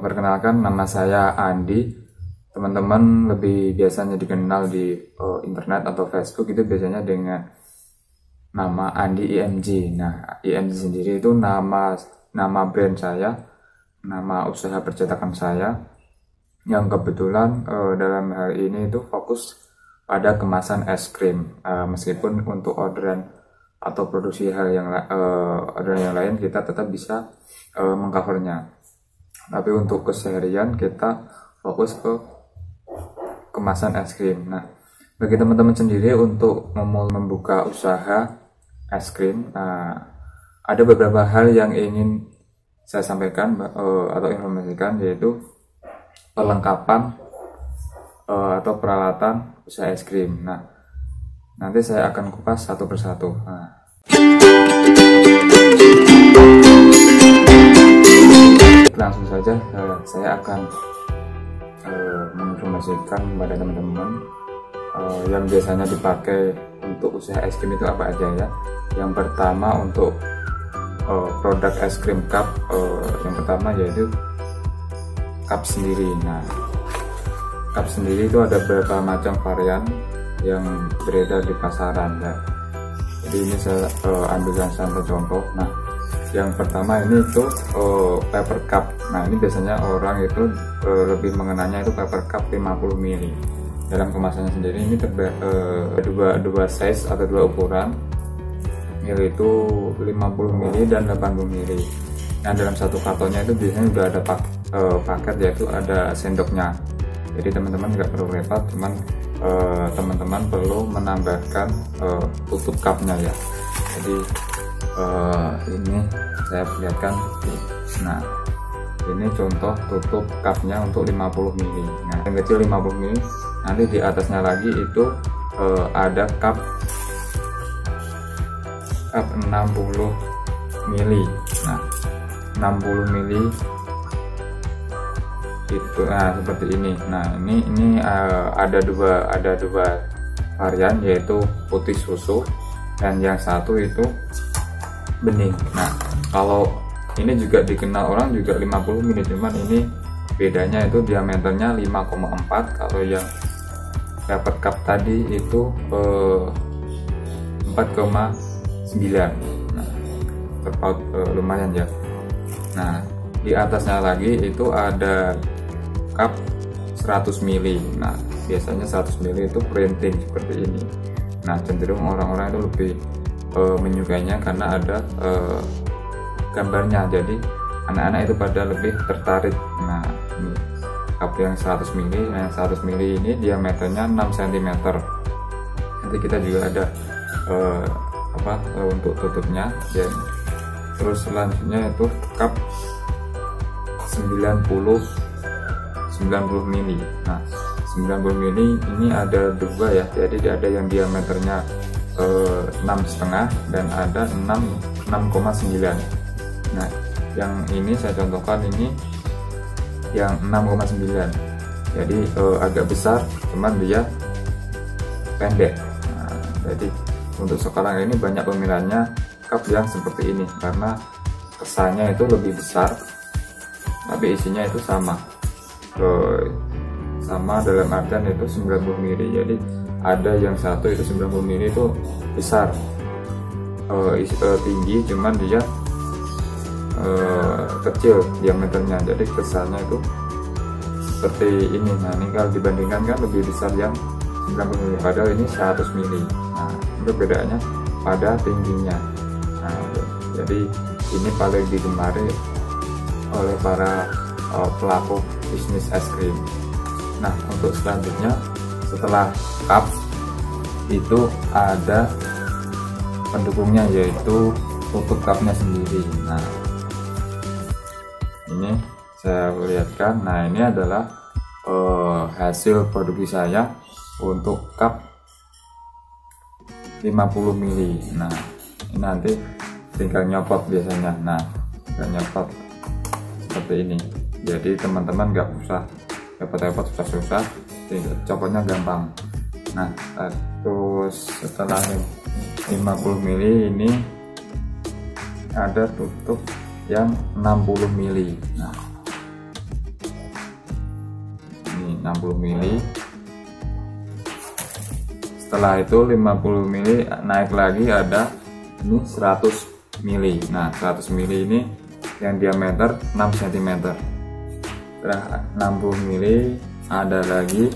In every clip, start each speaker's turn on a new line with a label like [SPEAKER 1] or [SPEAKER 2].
[SPEAKER 1] perkenalkan nama saya Andi. Teman-teman lebih biasanya dikenal di uh, internet atau Facebook itu biasanya dengan nama Andi IMG. Nah, IMG sendiri itu nama nama brand saya, nama usaha percetakan saya yang kebetulan uh, dalam hal ini itu fokus pada kemasan es krim. Uh, meskipun untuk orderan atau produksi hal yang uh, orderan yang lain kita tetap bisa uh, mengcovernya tapi untuk keseharian kita fokus ke kemasan es krim nah bagi teman-teman sendiri untuk memulai membuka usaha es krim nah, ada beberapa hal yang ingin saya sampaikan eh, atau informasikan yaitu perlengkapan eh, atau peralatan usaha es krim nah nanti saya akan kupas satu persatu nah langsung saja uh, saya akan uh, menginformasikan kepada teman-teman uh, yang biasanya dipakai untuk usaha es krim itu apa aja ya yang pertama untuk uh, produk es krim cup uh, yang pertama yaitu cup sendiri nah cup sendiri itu ada beberapa macam varian yang beredar di pasaran ya jadi ini saya uh, ambilkan sampai contoh nah yang pertama ini itu uh, paper cup nah ini biasanya orang itu uh, lebih mengenanya itu paper cup 50 ml dalam kemasannya sendiri ini terba, uh, dua, dua size atau dua ukuran yaitu 50 ml dan 80 ml nah dalam satu kartonnya itu biasanya juga ada pak, uh, paket yaitu ada sendoknya jadi teman-teman nggak perlu repot cuman teman-teman uh, perlu menambahkan uh, tutup cupnya ya jadi uh, ini saya perlihatkan nah ini contoh tutup cupnya untuk 50 mili. nah yang kecil 50 mili. nanti di atasnya lagi itu uh, ada cup cup 60 mili. nah 60 mili itu nah seperti ini nah ini ini uh, ada dua ada dua varian yaitu putih susu dan yang satu itu bening nah kalau ini juga dikenal orang juga 50 mili cuman ini bedanya itu diameternya 5,4 kalau yang dapat cup tadi itu eh, 4,9 nah, terpaut eh, lumayan ya nah di atasnya lagi itu ada cup 100 mili nah biasanya 100 mili itu printing seperti ini nah cenderung orang-orang itu lebih uh, menyukainya karena ada uh, gambarnya jadi anak-anak itu pada lebih tertarik nah ini cup yang 100 mili yang 100 mili ini diameternya 6 cm nanti kita juga ada uh, apa uh, untuk tutupnya dan terus selanjutnya itu cup 90 90 mili nah 90 mili ini ada dua ya jadi ada yang diameternya enam setengah dan ada 6,9 nah yang ini saya contohkan ini yang 6,9 jadi eh, agak besar cuman dia pendek nah, jadi untuk sekarang ini banyak pemilihannya cup yang seperti ini karena kesannya itu lebih besar tapi isinya itu sama sama dalam artian itu 90 mili jadi ada yang satu itu 90 mili itu besar uh, is, uh, tinggi cuman dia uh, kecil diameternya jadi kesannya itu seperti ini nah ini kalau dibandingkan kan lebih besar yang 90 mili padahal ini 100 mili nah itu bedanya pada tingginya nah jadi ini paling digemari oleh para uh, pelaku bisnis es krim nah untuk selanjutnya setelah cup itu ada pendukungnya yaitu tutup cupnya sendiri nah ini saya lihatkan nah ini adalah uh, hasil produksi saya untuk cup 50 mili nah ini nanti tinggal nyopot biasanya nah tinggal nyopot seperti ini jadi teman-teman nggak usah dapat repot susah-susah Oke, copotnya gampang. Nah, eh, terus setelah 50 mili ini ada tutup yang 60 mili. Nah, ini 60 mili. Setelah itu 50 mili naik lagi ada ini 100 mili. Nah, 100 mili ini yang diameter 6 cm. Setelah 60 mili ada lagi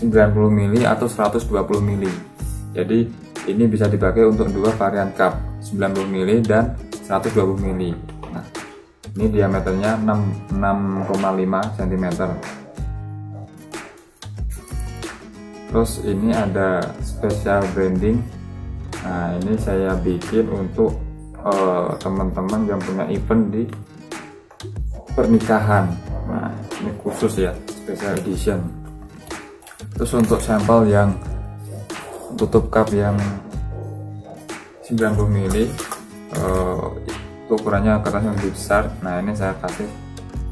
[SPEAKER 1] 90 mili atau 120 mili jadi ini bisa dipakai untuk dua varian cup 90 mili dan 120 mili nah ini diameternya 6,5 cm terus ini ada special branding nah ini saya bikin untuk eh, teman-teman uh, yang punya event di pernikahan nah ini khusus ya special edition terus untuk sampel yang tutup cup yang 90 mm uh, itu ukurannya kertasnya lebih besar nah ini saya kasih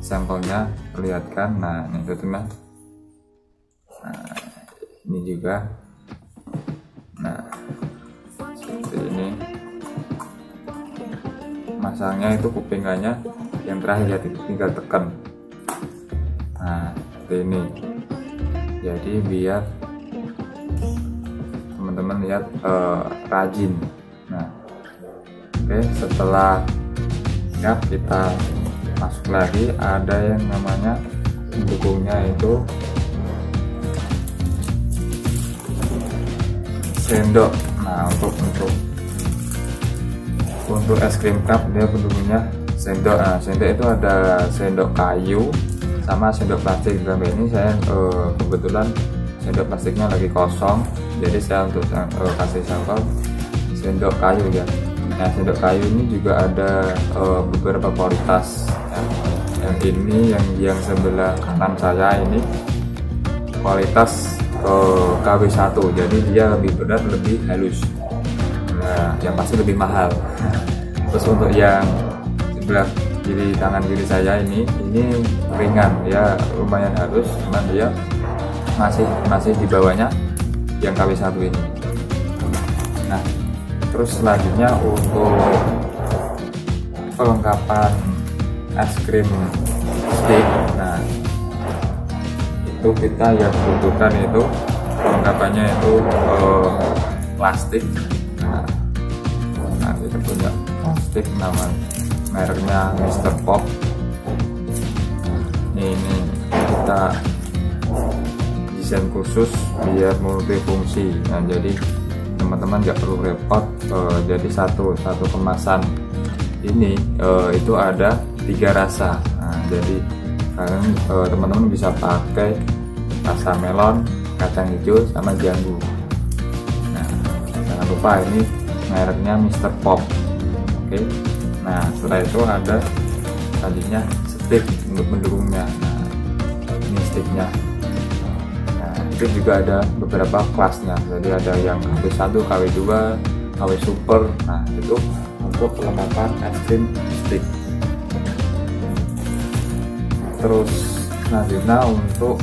[SPEAKER 1] sampelnya perlihatkan nah ini itu teman nah ini juga nah seperti ini masangnya itu kupingannya yang terakhir ya tinggal tekan nah seperti ini jadi biar teman-teman lihat uh, rajin nah oke setelah ya kita masuk lagi ada yang namanya pendukungnya itu sendok nah untuk untuk untuk es krim cup dia bentuknya sendok nah sendok itu ada sendok kayu sama sendok plastik juga ini saya uh, kebetulan sendok plastiknya lagi kosong jadi saya untuk uh, kasih sampel sendok kayu ya nah sendok kayu ini juga ada uh, beberapa kualitas ya. yang ini yang yang sebelah kanan saya ini kualitas uh, KW1 jadi dia lebih berat lebih halus nah yang pasti lebih mahal terus untuk yang sebelah kiri tangan kiri saya ini ini ringan ya lumayan halus cuman dia masih masih di bawahnya yang KW1 ini nah terus selanjutnya untuk perlengkapan es krim stick nah itu kita yang butuhkan itu perlengkapannya itu eh, plastik nah, nah kita punya plastik namanya mereknya Mister Pop ini kita desain khusus biar multifungsi nah jadi teman-teman nggak perlu repot uh, jadi satu satu kemasan ini uh, itu ada tiga rasa nah, jadi kalian eh, teman-teman bisa pakai rasa melon kacang hijau sama jambu nah jangan lupa ini mereknya Mister Pop oke okay nah setelah itu ada tadinya stick untuk mendukungnya nah, ini sticknya nah itu juga ada beberapa kelasnya jadi ada yang KW1, KW2, KW Super nah itu untuk kelengkapan ekstrim stick terus selanjutnya nah, untuk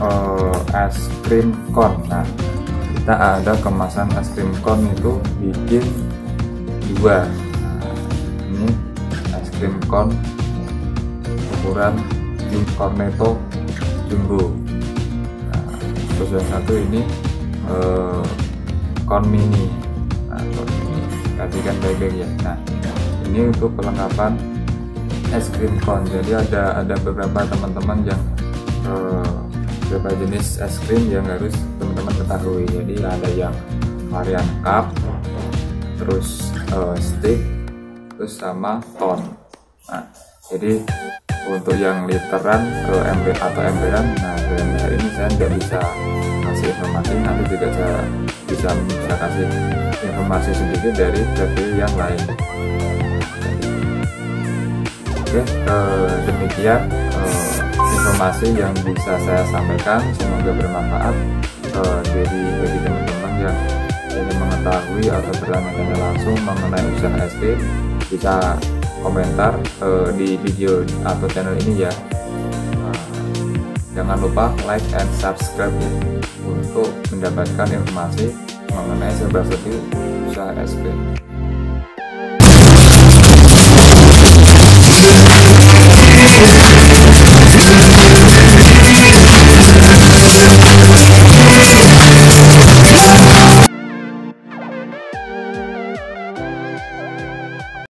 [SPEAKER 1] uh, eh, es krim corn nah kita ada kemasan es krim corn itu bikin dua con ukuran Cornetto Jumbo nah, terus yang satu ini eh, Con Mini nah, ini. Mini perhatikan baik-baik ya nah ini untuk perlengkapan es krim con jadi ada ada beberapa teman-teman yang eh, beberapa jenis es krim yang harus teman-teman ketahui jadi ada yang varian cup terus uh, stick terus sama ton nah, jadi untuk yang literan ke MB atau emberan, nah hari ini saya tidak bisa kasih informasi nanti juga saya bisa saya kasih informasi sendiri dari tabel yang lain oke eh, demikian eh, informasi yang bisa saya sampaikan semoga bermanfaat eh, jadi bagi teman-teman yang ingin mengetahui atau berlangganan langsung mengenai usaha SD bisa komentar uh, di video atau channel ini ya jangan lupa like and subscribe ya untuk mendapatkan informasi mengenai serba serbi usaha SP